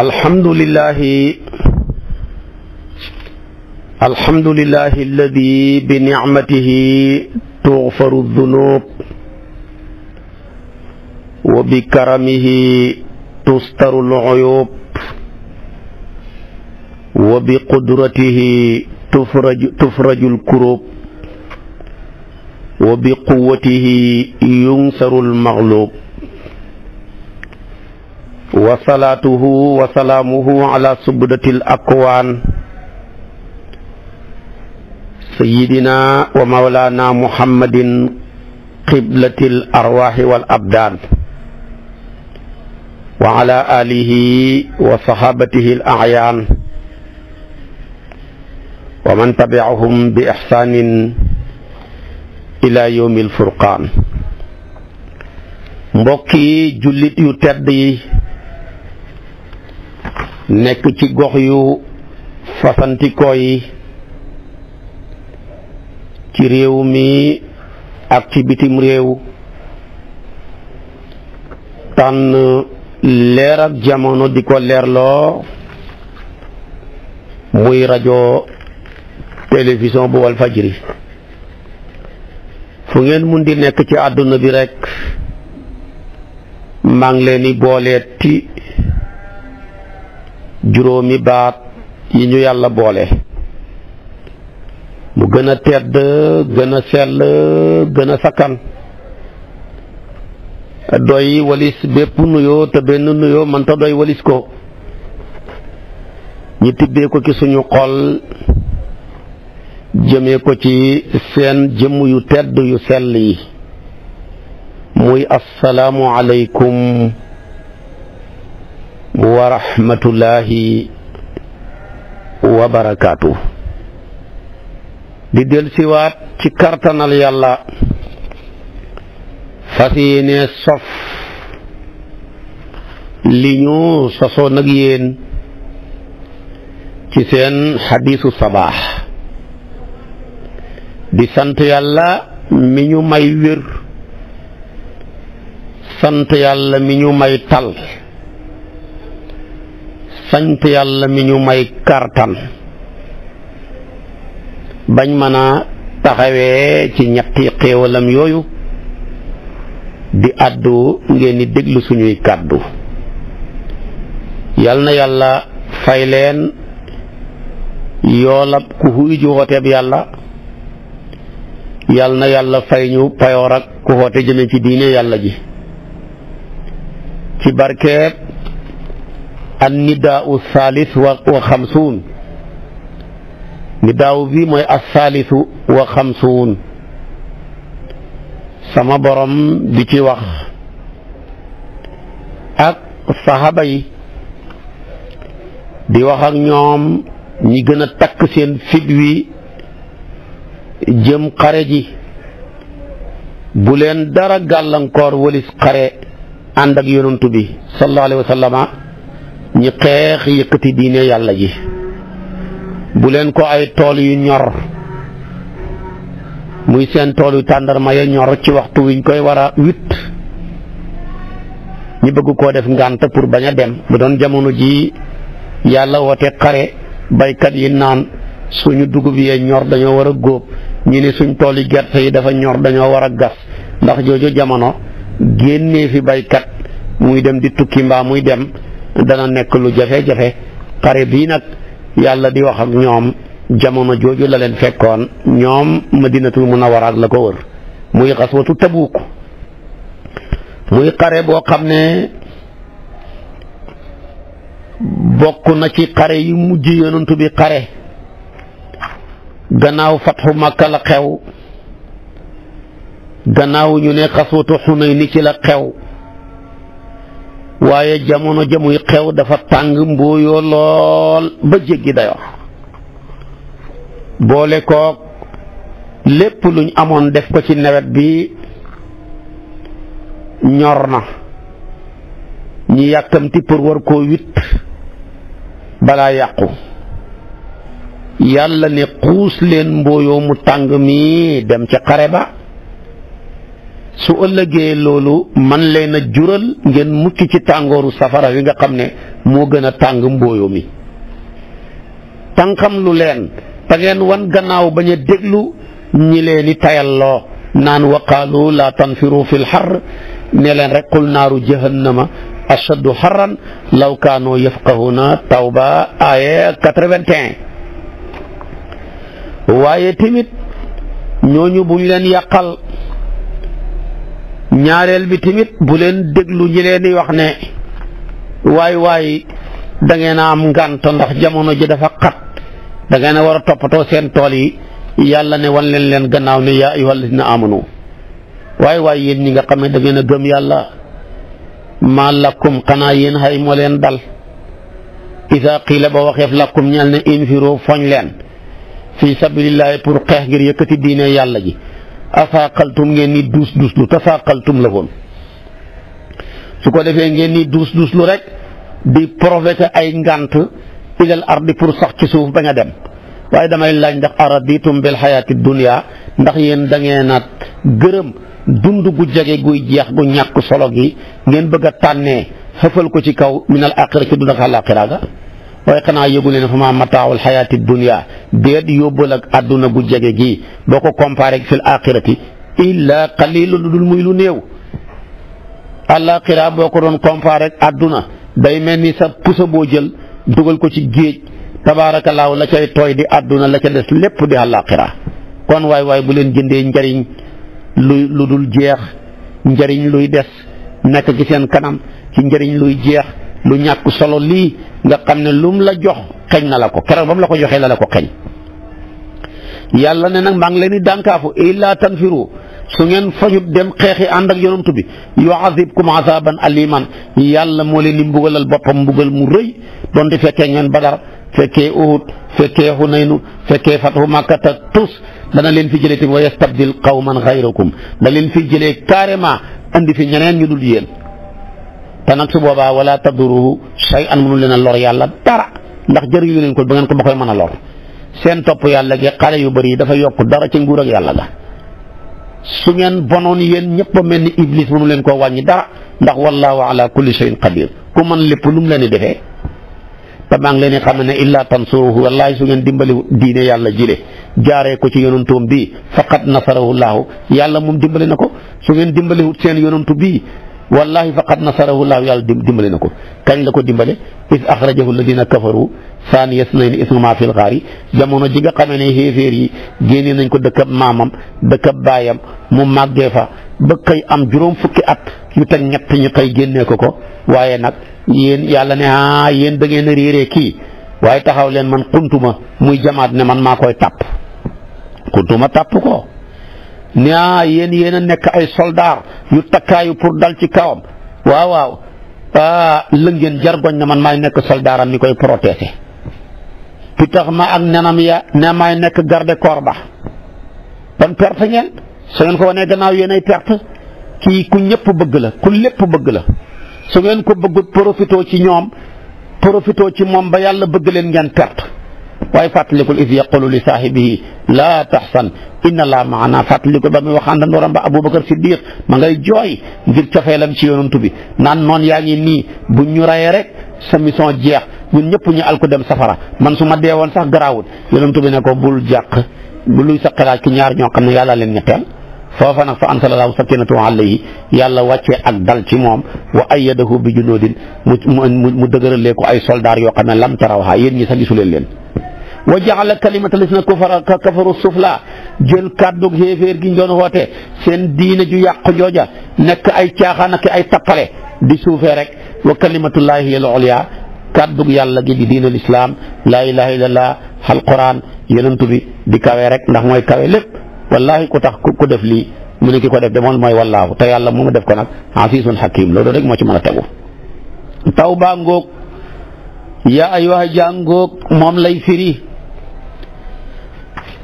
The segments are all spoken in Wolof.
الحمد لله الحمد لله الذي بنعمته تغفر الذنوب وبكرمه تستر العيوب وبقدرته تفرج تفرج الكروب وبقوته ينصر المغلوب wa salaatuhu wa salaamuhu ala subdatil akwaan sayidina wa mawlaana muhammadin qiblatil arwaaxi wal abdaan wa ala aalihi wa saxaabatihi al acyaan wa man tabicahum bi ixsaanin ila yowmi alfurqaan mbokki jullit yu tedd yi nekk ci gox yu fasantikoo yi ci réew mi ak ci bitim réew tànn leer ak jamono di ko leerloo muy rajo télévision bu Walfajri fu ngeen mun di nekk ci àdduna bi rekk maa ngi leen di booleeti juróomi baat yi ñu yàlla boole mu gën a tedd gën a sell gën a sakkan doy walis bépp nuyoo te benn nuyoo mënta doy walis ko ñi tibbee ko ci suñu xol jëmee ko ci seen jëmm yu tedd yu sell yi muy asalaamu aleykum wa rahmatullahi wa di del siwaat ci kartanal yàlla fas yéene sof li ñu sosoon nag yéen ci seen xadiisu sabaax di sant yàlla mi ñu may wér sant yàlla mi ñu may tal sant yàlla mi ñu may kartan bañ mën a taxawee ci ñetti xéewalam yooyu di àddu ngeen di déglu suñuy kàddu yal na yàlla fay leen yoolab ku xuy ju xooteeb yàlla yal na yàlla fay ñu payoor ak ku xoote jëme ci diine yàlla ji ci barkeeb annidaau saalis wa xamsuun nidaaw bi mooy assaalisu wa xamsuun sama boroom di ci wax ak saxaaba yi di wax ak ñoom ñi gën a takk seen fit wi jëm xare ji bu leen dara gàllankoor walis xare ànd ak yonantu bi sallallahu alayhi ñi xeex yëkkati diine yàlla ji bu leen ko ay tool yu ñor muy seen tool yu tàndarma ya ñor ci waxtu wiñ koy war a witt ñi bëgg ko def ngànt pour bañ a dem bu doon jamono ji yàlla woote xare baykat yi naan suñu dugub yee ñor dañoo war a góob ñu ni suñ tool yi gerte yi dafa ñor dañoo war a gas ndax jooju jamono génnee fi baykat muy dem di tukki mbaa muy dem dana nekk lu jafe-jafe pare bii nag yàlla di wax ak ñoom jamono jooju la leen fekkoon ñoom madinatul munawwara ak la ko wër muy xaswatu tabuuk muy xare boo xam ne bokk na ci xare yu mujj yonantu bi xare gannaaw fatxu makka la xew gannaaw ñu ne xaswatu ni ci la xew waaye jamono jamuy xew dafa tàng mbóoyoo lool ba jéggi dayoo boole kook lépp luñ amoon def ko ci nawet bi ñor na ñu yàkkamti pour war koo witt balaa yàqu yàlla ne xuus leen mbóoyoo mu tàng mi dem ca xare ba su ëllëgee loolu man leen a jural ngeen mucc ci tàngooru safara wi nga xam ne moo gën a tàng mbooyo mi tànkam lu leen te ngeen wan gannaaw bañ a déglu ñi leen di tayalloo naan waqaalu laa tanfiru fil xar ne leen rek naaru jahannama ashaddu xarran law kaanoo yafqahuna tawba aaya 81 waaye tamit ñooñu buñ leen yàqal ñaareel bi tamit bu leen déglu ñi leen di wax ne waay waay da ngeen am ngànt ndax jamono ji dafa xat da a war a toppatoo seen tool yi yàlla ne wan leen leen gannaaw ne yaa ayyuhal lazina amanu waay waay yéen ñi nga xam ne da ngeen a gëm yàlla maa lakum xanaa yéen xay moo leen dal isa xiila ba waxeef lakum ñal ne infiru foñ leen fi pour xeex ngir yëkkati diine yàlla ji afaaqaltum ngeen ni duus duus lu tafaaqaltum la woon su ko defee ngeen ni duus duus lu rek di profété ay ngant ilal ardi pour sax ci suuf ba nga dem waaye damay laaj ndax araditum bil xayaati dunia ndax yéen da ngeen a gërëm dund gu jege guy jeex gu ñàkk solo gi ngeen bëgg a tànnee xëfal ko ci kaw minal aaxira ci dund ak waaye xanaa yëgu leen fa maa mataawul xayaati dunya déet yóbbal ak àdduna gu jege gii boo ko comparé ak fil axirati illa lu dul muy lu néew. alaxira boo ko doon comparé ak àdduna day mel ni sa pusa boo jël dugal ko ci géej tabaarakallaahu la cay tooy di àdduna la ca des lépp di alaxira kon waay waay bu leen jëndee njariñ lu lu dul jeex njariñ luy des nekk ci seen kanam ci njariñ luy jeex. lu ñàkk solo lii nga xam ne lum la jox xeñ na la ko keroog ba mu la ko joxee la la ko xeñ yàlla ne nag maa ngi leen di dànkaafu illaa tanfiru su ngeen fajut dem xeexi ànd ak yonantu bi yuazibkum azaban aliman yàlla moo leen di mbugalal boppam mbugal mu rëy donte fekkee ngeen badar fekke uhud fekkee xunaynu fekkee fathu makkata tus dana leen fi jëlee tamit wa yastabdil qawman xayrakum da leen fi jëlee carrément indi fi ñeneen ñu dul yéen te nag su boobaa wala tadduruhu shay an mënu leen a lor yàlla dara ndax jëriñu leen ko ba ngeen ko ba koy mën a lor seen topp yàlla gi xale yu bëri dafa yokku dara ci nguur ak yàlla ga su ngeen bonoon yéen ñëpp a mel ni iblis mënu leen koo wàññi dara ndax wallahu ala kulli shayin qadir ku mën lépp lu mu leen di defee te maa ngi leen di xam ne illaa tansuruhu wallaahi su ngeen dimbali diine yàlla jile jaaree ko ci yonantoom bii faqad nasarahu llahu yàlla mum dimbali na ko su ngeen dimbaliwut seen yonantu bii wallahi faqad nasarahu llahu yàlla dimbale na ko kañ la ko dimbale is axrajahu alladina kafaru saaniya snayni isma fil xaari jamono ji nga xamee ne xéeféer yi génnee nañ ko dëkkab maamam dëkkab baayam mu màggee fa ba xëy am juróom fukki at yu teg ñett ñu génnee ko ko waaye nag yéen yàlla ne ah yéen da ngeen kii waaye taxaw leen man xuntuma muy jamaat ne man maa koy tàpp xuntuma tàpp ko ne ah yéen yéen a nekk ay soldaar yu takkaayu pour dal ci kawam waaw waaw ah lëngeen jargoñ na man maay nekk soldaaram mi koy protéger pi tax ma ak nenam ya ne maay nekk garde corps ba ban perte ngeen su ngeen ko wanee gannaaw yéen ay perte kii ku ñëpp bëgg la ku lépp bëgg la su ngeen ko bëggut profité ci ñoom profité ci moom ba yàlla bëgg leen ngeen perte waaye fàttalikul is yaqulu li saahibihi laa taxsan inna laa maana fàttalikul ba muy waxaan dañu waram ba Aboubacar Siddiq ma ngay jooy ngir cofeelam ci yonantu bi naan noon yaa ngi ni bu ñu rayee rek sa mission jeex ñun ñëpp ñu al ko dem safara man su ma dee woon sax garaawul yonantu bi ne ko bul jàq bu luy sa xelaat ki ñaar ñoo xam ne yàlla leen ñetteel foofa nag fa ansalallahu sakinatahu alayhi yàlla wàccee ak dal ci moom wa ayyadahu bi junoodin mu mu mu dëgëralee ko ay soldaar yoo xam ne lam tarawha yéen ñi sax gisuleen leen wa jaxala kalimata lisna kufara ka kafaru sufla jël kàddu xéeféer gi ñu doon woote seen diine ju yàqu jooja nekk ay caaxaan ak ay tappale di suufee rek wa kalimatullahi hiya al-ulya kàddu gi di diine laa ilaha illallah alquran yonent bi di kawe rek ndax mooy kawe lépp wallahi ku tax ku def lii mu ne ki ko def demoon mooy wallaahu te yàlla mu def ko nag asiisun hakiim loolu rek moo ci mën a tegu taw baa ngoog yaa jaa ngoog moom lay firi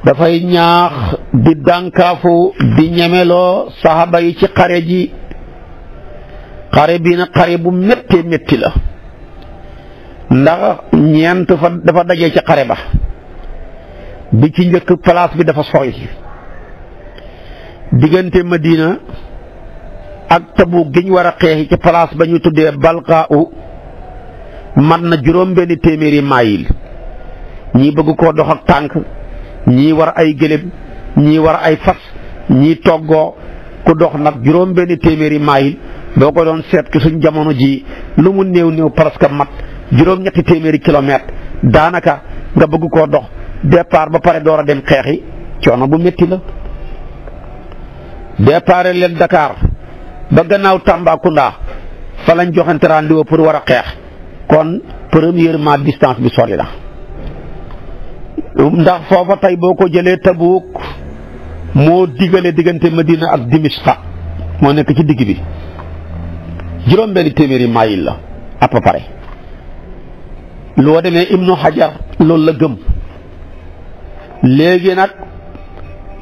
dafay ñaax bi dànkaafu bi ñemeloo saxaaba yi ci xare ji xare bii na xare bu méttee métti la ndax ñeent fa dafa dajee ci xare ba bi ci njëkk place bi dafa sori diggante ma diina ak tabu giñ war a xeexi ci place ba ñu tuddee balqaa u mat na juróom benn téeméeri maayil ñi bëgg ko dox ak tànk ñii war ay gëléem ñii war ay fas ñii toggoo ku dox nag juróom benn téeméeri maayil boo ko doon seet ci suñ jamono ji lu mu néew néew presque mat juróom-ñetti téeméeri kilomètre daanaka nga bëgg koo dox départ ba pare door a dem xeexi coono bu métti la départ leen dakaar ba gannaaw Tambacounda fa lañ joxante rendez pour war a xeex kon premièrement distance bi sori la Um, ndax foofa tey boo ko jëlee Tabuuk moo digale diggante ma Madina ak Dimishqa moo nekk ci digg bi juróom benn téeméeri mayil la à peu près loo demee Ibnu Hajar loolu la gëm léegi nag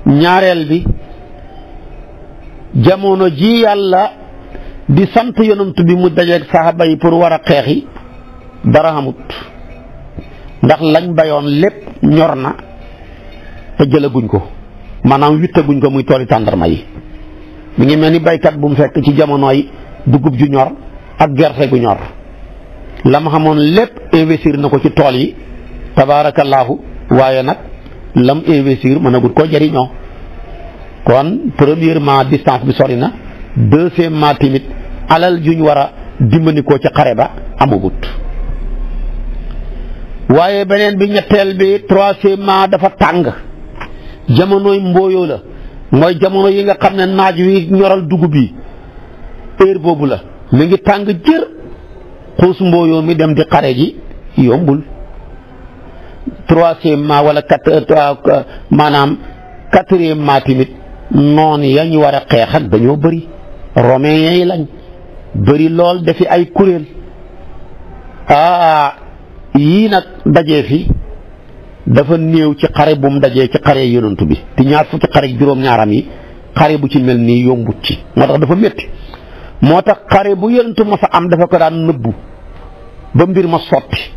ñaareel bi jamono ji yàlla di sant yonent bi mu dajeeg saxaaba yi pour war a xeexi dara amut ndax lañ bayoon lépp ñor na te jëlaguñ ko maanaam wittaguñ ko muy tooli tàndarma yi mu ngi mel ni baykat bu mu fekk ci jamonoy dugub ju ñor ak gerte gu ñor la ma xamoon lépp investir na ko ci tool yi tabaarakallaahu waaye nag lam investir mënagut ko jariñoo kon premièrement distance bi sori na deuxièmement tamit alal juñ war a dimbali ko ca xare ba amagut waaye beneen bi ñetteel bi troisièmement dafa tàng jamonoy mbooyoo la mooy jamono yi nga xam ne naaj wi ñoral dugub yi heure boobu la mi ngi tàng jër xuus mbooyoo mi dem di xare ji yombul troisièmement wala quatre euh, maanaam quatrièmement tamit noon yaa ñu war a xeexal dañoo bëri romain yi lañ bëri lool dafi ay kuréel ah yii nag dajee fi dafa néew ci xare bu mu dajee ci xare yonent bi te ñaar fukki xare juróom-ñaaram yi xare bu ci mel nii yombut ci moo tax dafa métti moo tax xare bu yonent ma sa am dafa ko daan nëbbu ba mbir ma sotti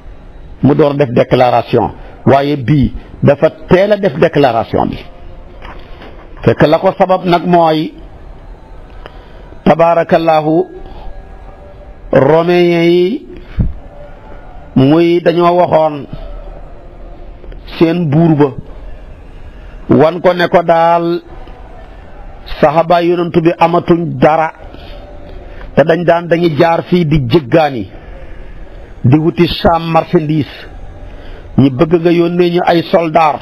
mu door def déclaration waaye bii dafa teel a def déclaration bi fekk la ko sabab nag mooy tabaarakallaahu romain muy dañoo waxoon seen buur ba wan ko ne ko daal saxaba yonantu bi amatuñ dara te dañ daan dañuy jaar fii di jëggaani di wuti saam marchandise ñi bëgg nga yónnee ñu ay soldaar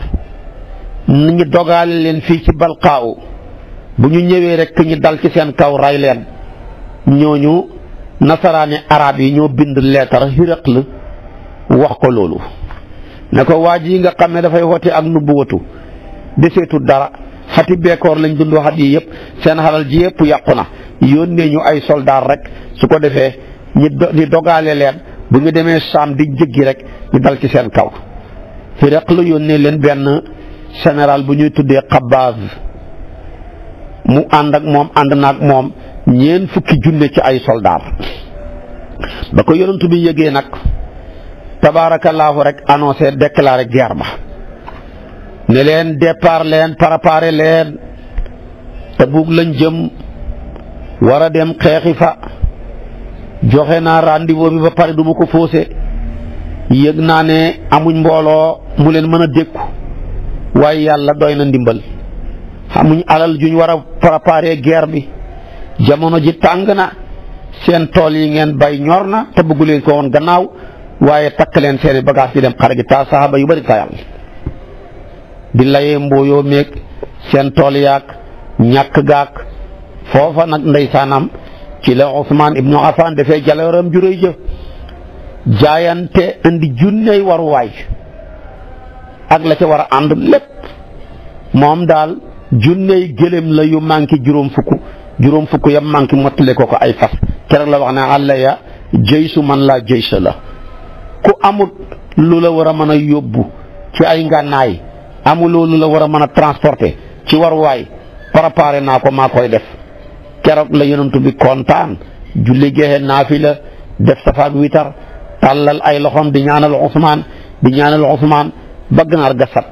ni ñu dogaale leen fii ci balqaaw bu ñu ñëwee rek ñu dal ci seen kaw rayleen leen ñooñu nasaraani arab yi ñoo bind leetar Hiraql wax ko loolu ne ko waa ji nga xam ne dafay woote ak nubbuwatu deseetu dara xati beekoor lañ dund xat yi yëpp seen xalal ji yëpp yàqu na yónnee ñu ay soldaar rek su ko defee ñi ñi dogaale leen bu ñu demee saam di jëggi rek ñu dal ci seen kaw fi la yónnee leen benn général bu ñuy tuddee xabaaz mu ànd ak moom ànd naag moom ñeen fukki junne ci ay soldaar ba ko yonent bi yëgee nag tabaarakallaahu rek annoncé déclaré guerre ba ne leen départ leen préparé leen te buug lañ jëm wara dem xeexi fa joxe na rendez-vous bi ba pare duma ko faussé yëg naa ne amuñ mbooloo mu leen mën a dékku waaye yàlla doy na ndimbal amuñ alal juñ war a préparé guerre bi jamono ji tàng na seen tool yi ngeen bay ñor na te bëggu leen ko woon gannaaw waaye takk leen seeni bagage yi dem xare gi saxaaba yu bëri taa yàlla di layee mbooyoo meeg seen tool yaag ñàkk gaak foofa nag ndeysaanam ci la Ousmane ibnu Affan dafay jalooram juróy jë jaayante indi junney waruwaay ak la ca war a ànd lépp moom daal junney gëlëm la yu manqué juróom fukk juróom fukk ya manqué mottale ko ko ay fas keroog la wax ne àlla ya jëysu man laa jëysa la ku amut lu la war a mën a yóbbu ci ay ngànnaay amuloo lu la war a mën a transporter ci waruwaay préparé naa ko ma koy def keroog la yonantu bi kontaan julli jeexee naafila def safaak witar tàllal ay loxoom di ñaanal Ousmane di ñaanal Ousmane ba ganaar ga sat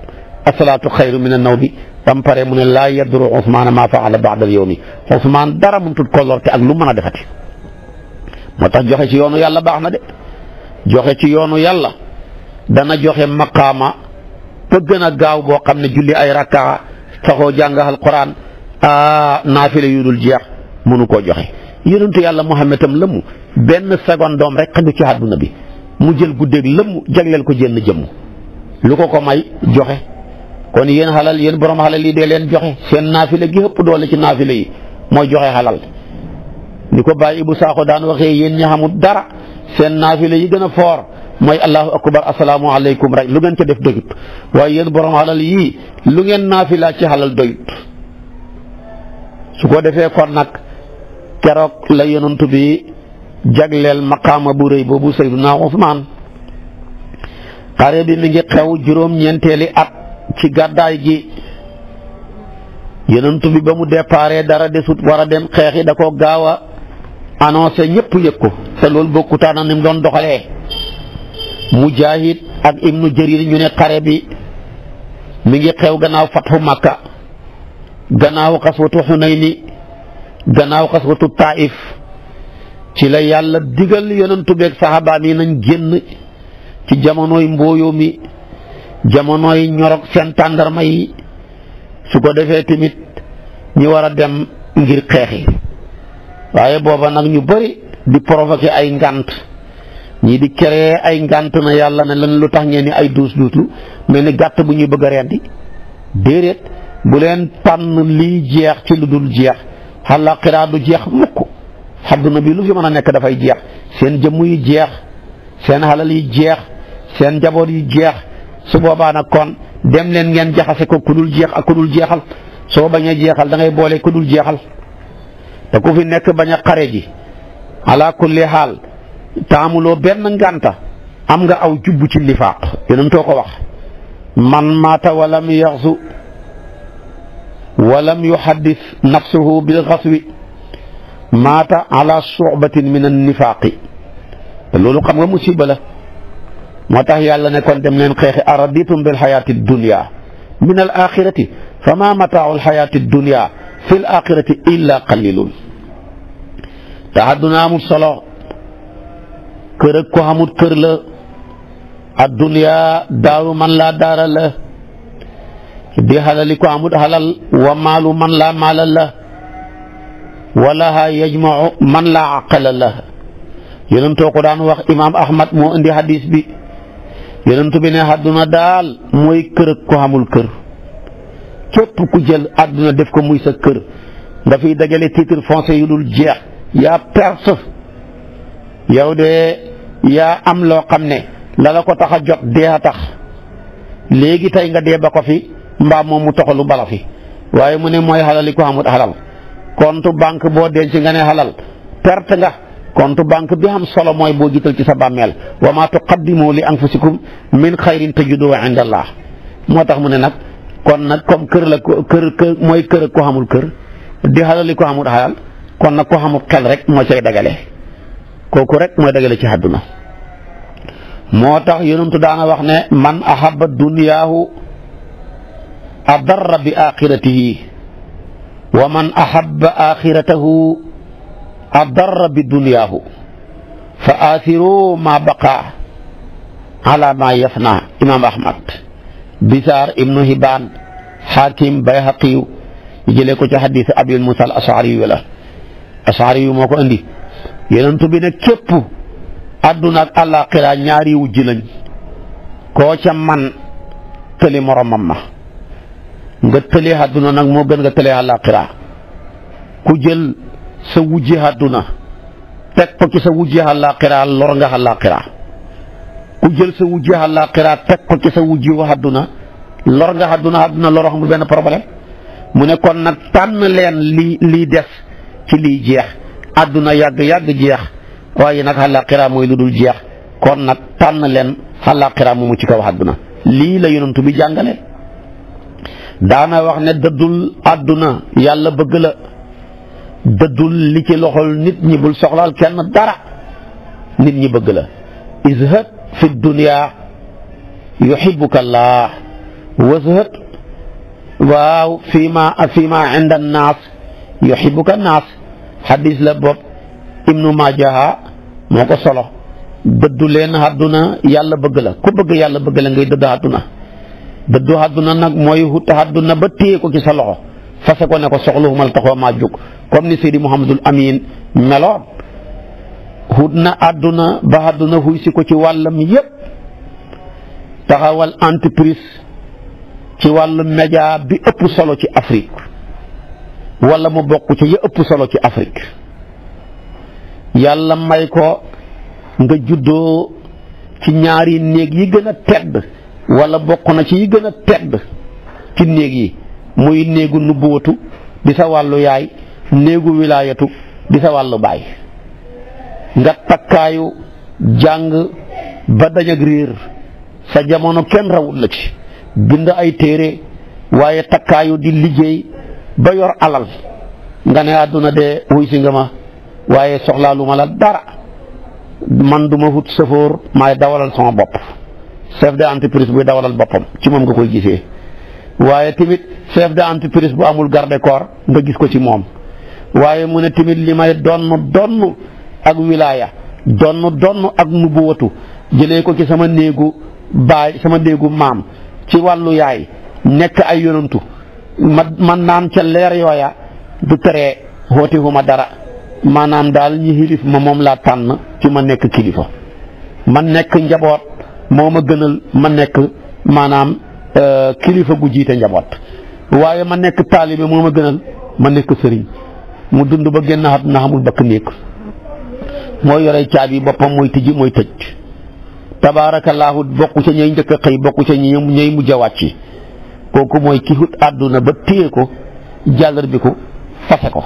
asalaatu xayru min annaw bi bam pare mu ne laa yadru Ousmane maa faala baadal yawmi Ousmane dara mënut ko lorte ak lu mën a defati joxe ci yoonu yàlla baax na de. joxe ci yoonu yàlla dana joxe maqaama ba gën a gaaw boo xam ne julli ay rakkaa saxoo jàng alquran a naafile yu dul jeex mënu koo joxe yonentu yàlla Muhammad tam lëmm benn seconde doom rek xaju ci àdduna bi mu jël guddeeg lëmm jagleel ko jënn jëmm lu ko ko may joxe kon yéen xalal yéen borom xalal yi dee leen joxe seen naafile gi ëpp doole ci naafile yi mooy joxe xalal ni ko bàyyi bu saaxo daan waxee yéen ñi dara seen naafile yi gën a foor mooy allahu akbar asalaamualeykum rek lu ngeen ko def doyut waaye yéen borom alal yii lu ngeen naafilaa ci xalal doyut su ko defee kon nag keroog la yonent bi jagleel maqaama bu rëy boobu Seydina Usmaan xare bi mi ngi xew at ci gàddaay gi yonent bi ba mu déparé dara desut war a dem xeexi da koo gaawa annoncé ñëpp yëg ko te loolu bokkutaana ni mu doon doxalee Mujaahid ak Ibnu Jarir ñu ne xare bi mu ngi xew gannaaw fatxu Makka gannaaw xaswatu ni gannaaw xaswatu Taif ci la yàlla digal yonentu beeg saxaabaam yi nañ génn ci jamonoy mbooyoo mi jamonoy ñorog seen tàndarma yi su ko defee tamit ñi war a dem ngir xeexi waaye booba nag ñu bari di provoquer ay ngant ñii di créer ay ngant na yàlla ne lan lu tax ngeen ni ay duus duuslu mel ni gàtt bu ñuy bëgg a rendi déedéet bu leen tànn liy jeex ci lu dul jeex àllaaxira du jeex mukk àdduna bi lu fi mën a nekk dafay jeex seen jëmm yu jeex seen xalal yi jeex seen njaboot yi jeex su boobaa nag kon dem leen ngeen jaxase ko ku dul jeex ak ku dul jeexal soo bañ a jeexal da ngay boole ku dul jeexal te ku fi nekk bañ a xare ji ala kulli xaal taamuloo benn ngànta am nga aw jubb ci lifaaq yonentoo ko wax man maata walam yaxsu walam yuhaddis nafsuhu bil xaswi maata ala suxbatin min annifaaqi loolu xam nga musiba la moo tax yàlla ne kon dem leen xeexi araditum bil xayaati dunia min al axirati fa ma mataau al xayaati dunia fi l axirati illa qalilun te àdduna amul solo kër ak ko xamul kër la adduniya daaru man laa daara la di xalali ko amul xalal wa maalu man laa maala la walaha yajmau man laa aqala la yonentoo ko daan wax imaam ahmad moo indi hadis bi yonentu bi ne àdduna daal mooy kër ak ko xamul kër képp ku jël àdduna def ko muy sa kër nga fiy dajale titre foncier yu dul jeex yaa perte yow de yaa am loo xam ne la la ko tax a jot dee a tax léegi tey nga dee ba ko fi mbaam moom mu toxalu bala fi waaye mu ne mooy xalali ko xamut xalal compte banque boo denc nga ne xalal perte nga compte banque bi am solo mooy boo jiital ci sa bàmmeel wa maa tuqaddimu li anfusikum min xayrin tajiduhu inda allah moo tax mu ne nag kon nag comme kër la kër kër mooy kër ko xamul kër di xalali ko xamut xalal kon nag ko xamul xel rek moo cay dagale kooku rek mooy dagale ci àdduna moo tax yonentu daana wax ne man ahaba dunyaahu adarra bi axiratihi wa man ahaba axiratahu adarra bi dunyaahu fa aasiru ma baqa ala ma yafna imam ahmad bisaar ibnu hibaan xaakim bayhaqiyu jëlee ko ci xadiis abi musa al ashari wala asaari yu moo ko andi yonent bi ne képp àdduna ak àllaaxira ñaari wujj lañ koo ca man tëli moromam ma nga tëlee àdduna nag moo gën nga tëlee àllaaxira ku jël sa wujji àdduna teg ko ci sa wujji àllaaxira lor nga àllaaxira ku jël sa wujji àllaaxira teg ko ci sa wujji wa àdduna lor nga àdduna àdduna loroo xam benn problème mu ne kon nag tànn leen li lii des ci liy jeex àdduna yàgg-yàgg jeex waaye nag àllaaxira mooy lu dul jeex kon nag tànn leen àllaaxira mu ci kaw àdduna lii la yonent bi jàngale daana wax ne dëddul àdduna yàlla bëgg la dëddul loxo ci loxol nit ñi soxlaal kenn dara nit ñi bëgg la izhad fi dunya yuhibbuka allah wazhad waaw fii ma fii ma inda yuhibbuka naas xadis la bopp ibnu majaha moo ko solo dëddu leen àdduna yàlla bëgg la ku bëgg yàlla bëgg la ngay dëddu àdduna dëddu àdduna nag mooy wut àdduna ba téye ko ci sa loxo fase ko ne ko soxluwuma la taxoo maa jóg comme ni Seydi Mouhamadul Amin meloon wut na àdduna ba àdduna xuy si ko ci wàllam yépp taxawal entreprise ci wàllu média bi ëpp solo ci Afrique wala mu bokk ci ya ëpp solo ci Afrique yàlla may ko nga juddoo ci ñaari néeg yi gën a tedd walla bokk na ci yi gën a tedd ci néeg yi muy néegu nubbuwatu di sa wàllu yaay néegu wilaayatu di sa wàllu baay nga takkaayu jàng ba dañ réer sa jamono kenn rawut la ci bind ay téere waaye takkaayu di liggéey ba yor alal nga ne àdduna de wuy si nga ma waaye soxlaalu ma la dara man duma ma wut sëfoor maay dawalal sama bopp de entreprise buy dawalal boppam ci moom nga koy gisee waaye tamit de entreprise bu amul garde corps nga gis ko ci moom waaye mu ne tamit li may donn donn ak wilaaya donn donn ak nubuwatu jëlee ko ci sama néegu baay sama néegu maam ci wàllu yaay nekk ay yonantu ma man naan ca leer yooya du tere xóotihuma dara maanaam daal ñi xilif ma moom laa tànn ci ma nekk kilifa man nekk njaboot moo ma gënal ma nekk maanaam euh, kilifa gu jiite njaboot waaye ma nekk taalibe moo ma gënal ma nekk sëriñ mu dund ba génn xat na xamul bakk néeg moo yore caabi boppam mooy tijji mooy tëj tabaarakallaahu bokku ca ñay njëkk a xëy bokku ca ñay mujj a wàcc kooku mooy ki hut àdduna ba téye ko jàllar bi ko fase ko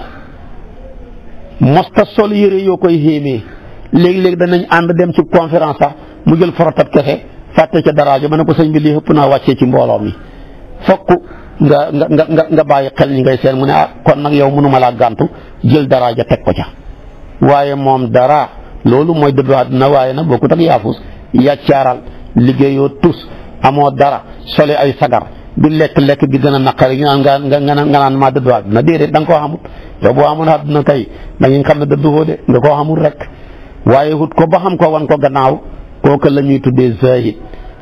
mosta sol yére yoo koy xéemee léegi léeg danañ ànd dem ci conférence sax mu jël forotab kese fàtte ca daraajo ma ne ko sëñ bi lii xëpp naa wàccee ci mbooloo mi fokk nga nga nga nga bàyyi xel ñi ngay seen mu ne ah kon nag yow mënuma laa gàntu jël daraaja teg ko ca waaye moom dara loolu mooy dëddu àdduna waaye nag boo bokkut ak yaafus yaccaaral liggéeyoo tus amoo dara sole ay sagar di lekk-lekk bi gën a naqari ñu naan nga nga nga naan maa dëddu àdduna déedéet da nga koo xamul yow boo amoon àdduna tey da ngeen xam ne dëddu ko de nga koo xamul rek waaye wut ko ba xam ko wan ko gannaaw kooku la ñuy tuddee zahid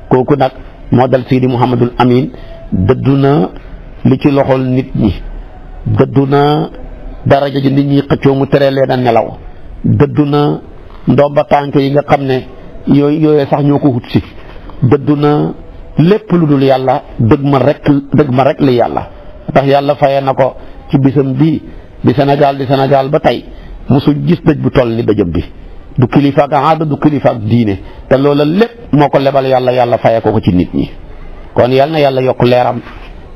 kooku nag moo dal Sidi Mouhamadul Amin dëddu na li ci loxol nit ñi dëddu na daraja ji nit ñi xëccoo mu tere leen a nelaw dëddu na ndomba tànk yi nga xam ne yooyu yooyu sax ñoo ko wut si dëddu na lépp lu dul yàlla dëgg ma rek dëgg ma rek li yàlla ndax yàlla faye na ko ci bisam bi di Sénégal di senegal ba tey mosuñ gis dëj bu toll ni dëjëm bi du kilifaak aada du kilifaak diine te loola lépp moo ko lebal yàlla yàlla faye ko ko ci nit ñi kon yal na yàlla yokk leeram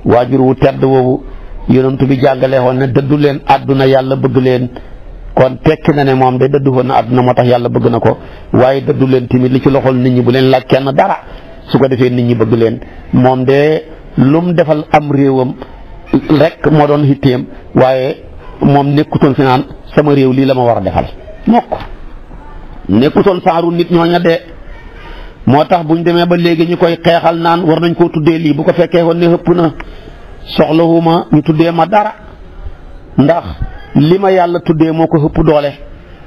waajur wu tedd woowu yonent bi jàngale woon ne dëddu leen àdduna yàlla bëgg leen kon tekki na ne moom de dëddu woon na àdduna moo tax yàlla bëgg na ko waaye dëddu leen kenn dara su ko defee nit ñi bëgg leen moom de lum defal am réewam rek moo doon xitteem waaye moom nekkutoon fi naan sama réew lii la ma war a defal mokk nekkutoon saaru nit ñooña de moo tax bu ñu demee ba léegi ñu koy xeexal naan war nañ koo tuddee lii bu ko fekkee woon ne xëpp na soxlawuma ñu tuddee ma dara ndax li ma yàlla tuddee moo ko xëpp doole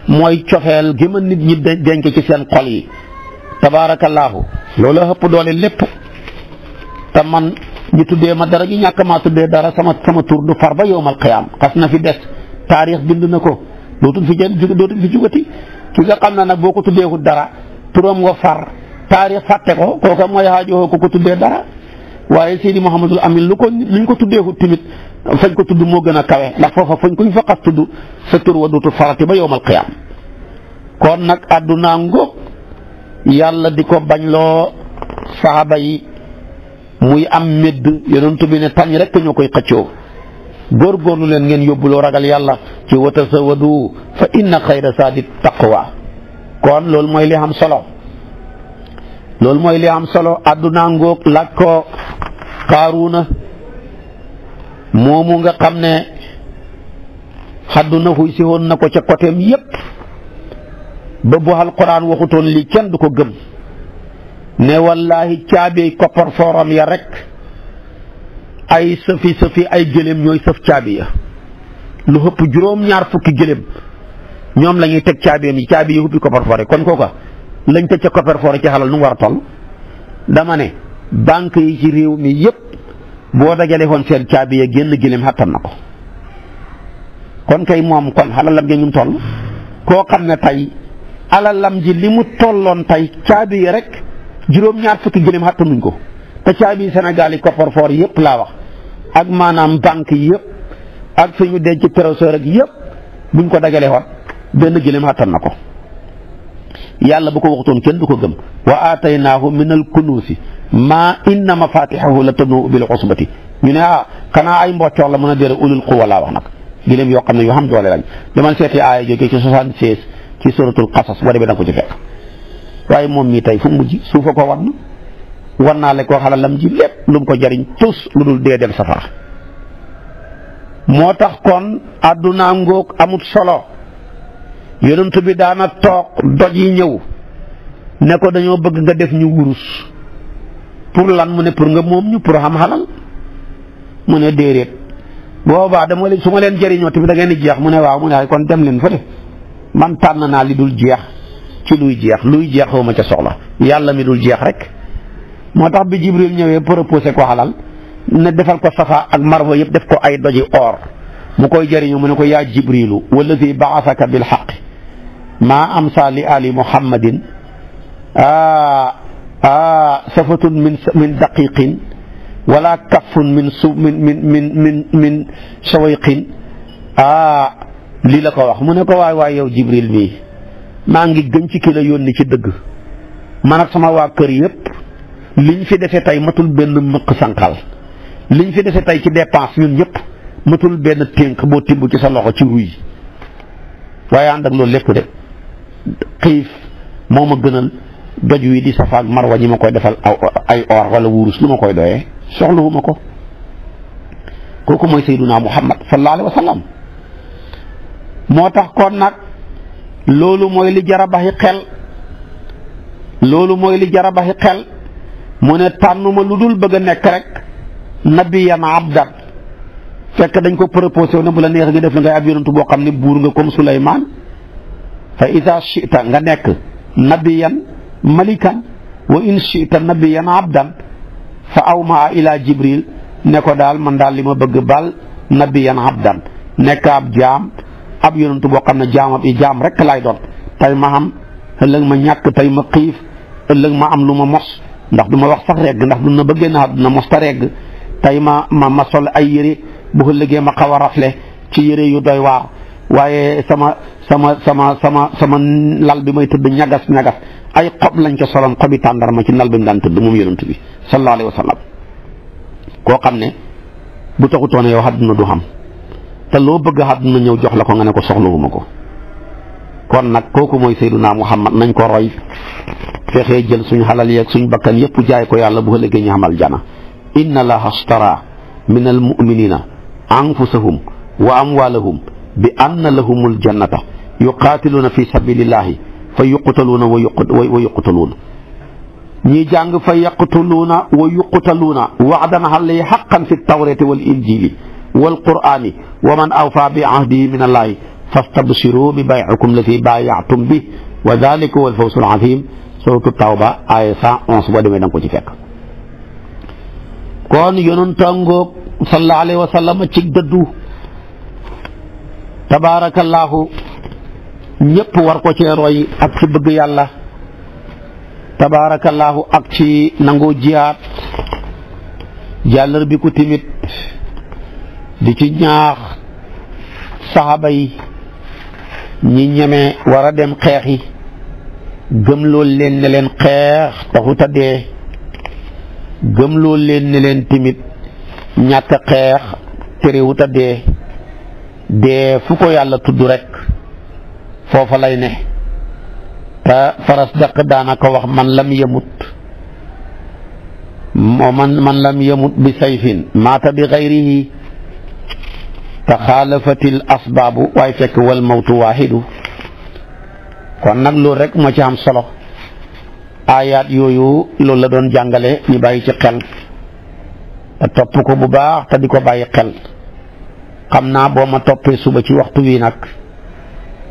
mooy cofeel gi nit ñi de denc ci seen xol yi tabaarakallaahu loola ëpp doole lépp te man ñu tuddee ma dara gi ñàkk maa tuddee dara sama sama tur du far ba yowmal qiyaam xas na fi des taarix bind na ko dootul fi jëm dootul fi jugati ki nga xam ne nag boo ko tuddeewul dara turam wa far taarix fàtte ko kooka mooy xaajoo ko ko tuddee dara waaye Seydi Mouhamadul Amin lu ko luñ ko tuddeewul tamit fañ ko tudd moo gën a kawe ndax foofa fañ kuñ fa xas tudd sa tur wa dootul farati ba yowmal qiyaam kon nag àdduna ngoog yàlla di ko bañloo saxaaba yi muy am médd yonentu bi ne tàñ rekk ñoo koy xëccoo góorgóorlu leen ngeen yóbbuloo ragal yàlla ci wata sa wadu fa inna xayra saadi taqwa kon loolu mooy li am solo loolu mooy li am solo àdduna ngoog laaj ko xaaruuna moomu nga xam ne xadduna xuy si woon na ko ca côtéem yépp ba bu alquran waxutoon lii kenn du ko gëm ne wallahi caabi koppar fooram ya rek ay sëfi sëfi ay gëléem ñooy sëf caabi ya lu xëpp juróom-ñaar fukki gëléem ñoom lañuy teg caabi yi caabi yi xuppi koppar foore kon kooka lañ teg ca koppar foore ci xalal nu mu war a toll dama ne banque yi ci réew mi yépp boo dajale woon seen caabi ya génn gëléem xattan na ko kon kay moom kon xalalam ngeen ñu toll koo xam ne tey alalam ji li mu tolloon tey caabi yi rek juróom-ñaar fukki gëléem xattanuñ ko te caabi senegali Sénégal yi coffre-fort yëpp laa wax ak maanaam banque yi yëpp ak fi ñu denc trésor ak yëpp buñ ko dagalee woon benn gëléem xattan na ko yàlla bu ko waxutoon kenn du ko gëm wa aataynaahu min al kunuusi maa inna mafatixahu la tanuu bil usbati ñu ne ah kanaa ay mboccoor la mën a déere ulul quwa laa wax nag gëléem yoo xam ne yoo xam doole lañ demal seeti aaya jógee ci 76 ci suratul xasas boo demee da ko ci fekk waaye moom mii tey fu mujj suufa ko wan wan naa la ko xalalam ji lépp lu mu ko jariñ tus lu dul dee dem safara moo tax kon àdduna ngoog amut solo yonent bi daana toog doj yi ñëw ne ko dañoo bëgg nga def ñu wurus pour lan mu ne pour nga moom ñu pour xam xalal mu ne déedéet boobaa dama leen su ma leen jëriñoo tamit a ngeen di jeex mu ne waaw mu ne kon dem leen fa de man tànn naa li dul jeex ci luy jeex luy jeex woo ma ca soxla yàlla mi dul jeex rek moo tax bi Jibril ñëwee proposé ko xalal ne defal ko safa ak marwa yëpp def ko ay doji or mu koy jëriñu mu ne ko yaa Jibrilu walladi baasaka bil xaq maa amsa li ali muhammadin ah ah safatun min min daqiqin wala kafun min su min min min min min sawiqin ah lii la ko wax mu ne ko waay waay yaw Jibril mii maa ngi gën ci kii la yoon yónni ci dëgg man ak sama waa kër yépp liñ fi defee tey matul benn mëq sànqal liñ fi defee tey ci dépense ñun ñëpp matul benn tenk boo tibb ci sa loxo ci ruy waaye ànd ak loolu lépp de xiif moo ma gënal doj wi di safaak marwa ñi ma koy defal ay or wala wurus lu ma koy doyee soxlawuma ko kooku mooy sayduna muhammad sallallahu alayhi wa sallam moo tax kon nag loolu mooy li jar a xel loolu mooy li jar a baxi xel mu ne tànn ma lu dul bëgg a nekk rek nabiyan abdan fekk dañ ko proposé na bu la neex nga def la ngay ab yonantu boo xam ne buur nga comme Souleymane fa isa chita nga nekk nabiyan malikan wa in chita nabiyan abdan fa awmaa ila jibril ne ko daal man daal li ma bëgg bal nabiyan abdan nekk ab jaam ab yonantu boo xam ne jaam ab yi rekk rek laay doon tey ma am ëllëg ma ñàkk tey ma xiif ëllëg ma am lu ma mos ndax du ma wax sax ndax dund na bëggee génn àdduna mos ta regg tey ma ma ma sol ay yére bu ëllëgee ma xaw a rafle ci yére yu doy waar waaye sama sama sama sama sama lal bi may tëdd ñagas ñagas ay xob lañ ca solon xobi tàndarma ci lal bi mu daan tëdd moom yonantu bi sallallahu alayhi wa sallam koo xam ne bu taxutoon yow àdduna du xam te loo bëgg a àdduna ñëw jox la ko nga ne ko soxlawuma ko kon nag kooku mooy Seydunaa Muhammad nañ ko roy fexee jël suñ xalal yeeg suñ bakkan yépp jaay ko yàlla bu ëllëgee ñu xamal jana inna allaha ashtara min al muminina anfusahum wa amwalahum bi anna lahumul jannata yuqaatiluuna fi sabilillahi fa yuqutaluuna wa wa yuqutaluuna ñi jàng fa yaqtuluuna wa yuqutaluuna waxdan alayhi xaqan fi tawrati wal injili walqur'aani wa man awfaa bi ahdihi min allaahi fastabsiruu bi bay'ikum lazi baaya'tum bi wa zaalika huwa alfawzu alaziim suratu tawba aaya 111 boo demee da nga ko ci fekk. kon yonent ngoog sallallahu alayhi wa sallam ci dëddu tabaarakallaahu ñëpp war ko cee roy ak ci bëgg yàlla tabaarakallaahu ak ci nangoo jihaad jàllar bi ku timit di ci ñaax saxaba yi ñi ñeme war a dem xeex yi gëm loolu leen ne xeex taxut a dee gëm loolu leen ne leen timit ñàkk xeex terewut a dee dee fu ko yàlla tudd rek foofa lay ne te faras daq daanaka wax man lam yemut moo man man lam yemut bi sayfin maata bi xayrihi taxaalafatil asbaabu waaye fekk wal mawtu waaxidu kon nag loolu rek moo ci am solo aayaat yooyu loolu la doon jàngale ñu bàyyi ci xel te topp ko bu baax te di ko bàyyi xel xam naa boo ma toppee suba ci waxtu wi nag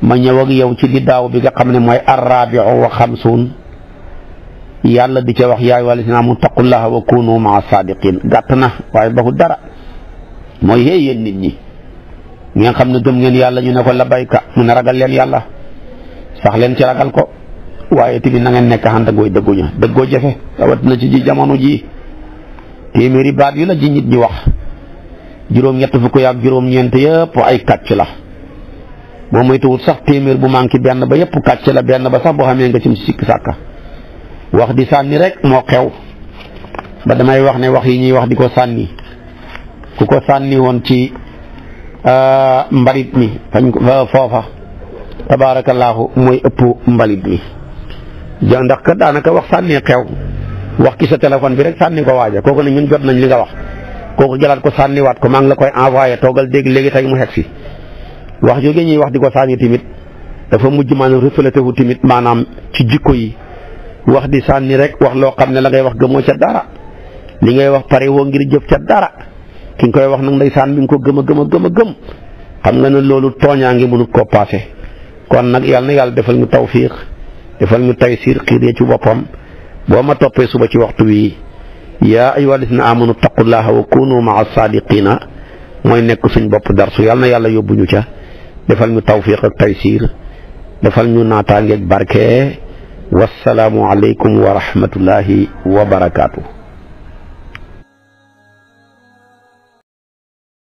ma ñëw ak yow ci giddaaw bi nga xam ne mooy arrabiu wa xamsuun yàlla di ca wax yaay wala sinaa mu taqullaha wa kunu maa saadiqin gàtt na waaye baxu dara mooy yéen nit ñi ñi xam ne gëm ngeen yàlla ñu ne ko labayka mu ne ragal leen yàlla sax leen ci ragal ko waaye tamit na ngeen nekk xante gooy dëggu ña dëggoo jafe rawat na ci ji jamono jii téeméeri baat yu la ji nit ñi wax juróom-ñett fukk yaak juróom-ñeent yëpp ay kàcc la moom mooy tawut sax téeméer bu manqué benn ba yëpp kàcc la benn ba sax boo xamee nga ci sikk sàkka wax di sànni rek moo xew ba damay wax ne wax yi ñuy wax di ko sànni ku ko sànni ci Euh, mbalit mi fañ ko foofa tabaarakallaahu mooy ëpp mbalit mi. ja ndax kat daanaka wax sànni xew wax ki sa téléphone bi rek sànni ko waaja kooku ne ñun jot nañ li nga wax kooku jëlaat ko sànniwaat ko maa ngi la koy envoyé toogal dégg léegi tey mu xeg si wax jóge ñuy wax di ko sànni tamit dafa mujj maanaam reflété wu tamit maanaam ci jikko yi wax di sànni rek wax loo xam ne la ngay wax gëmoo ca dara li ngay wax pare woo ngir jëf ca dara. ki nga koy wax nag ndeysaan saan ngi ko gëm a gëm a gëm a gëm xam nga ne loolu tooñaa ngi mënut koo paase kon nag yàlla na yàlla defal ñu tawfiq defal ñu taysiir xiir ci boppam boo ma toppee suba ci waxtu wi yaa ayyuhal lazina aamanu taqullaha wa kunu ma'a saadiqina mooy nekk suñ bopp darsu yàlla na yàlla yóbbu ñu ca defal ñu tawfiq ak taysiir defal ñu naataangeeg barke wasalaamu aleykum wa rahmatullahi wa barakaatu.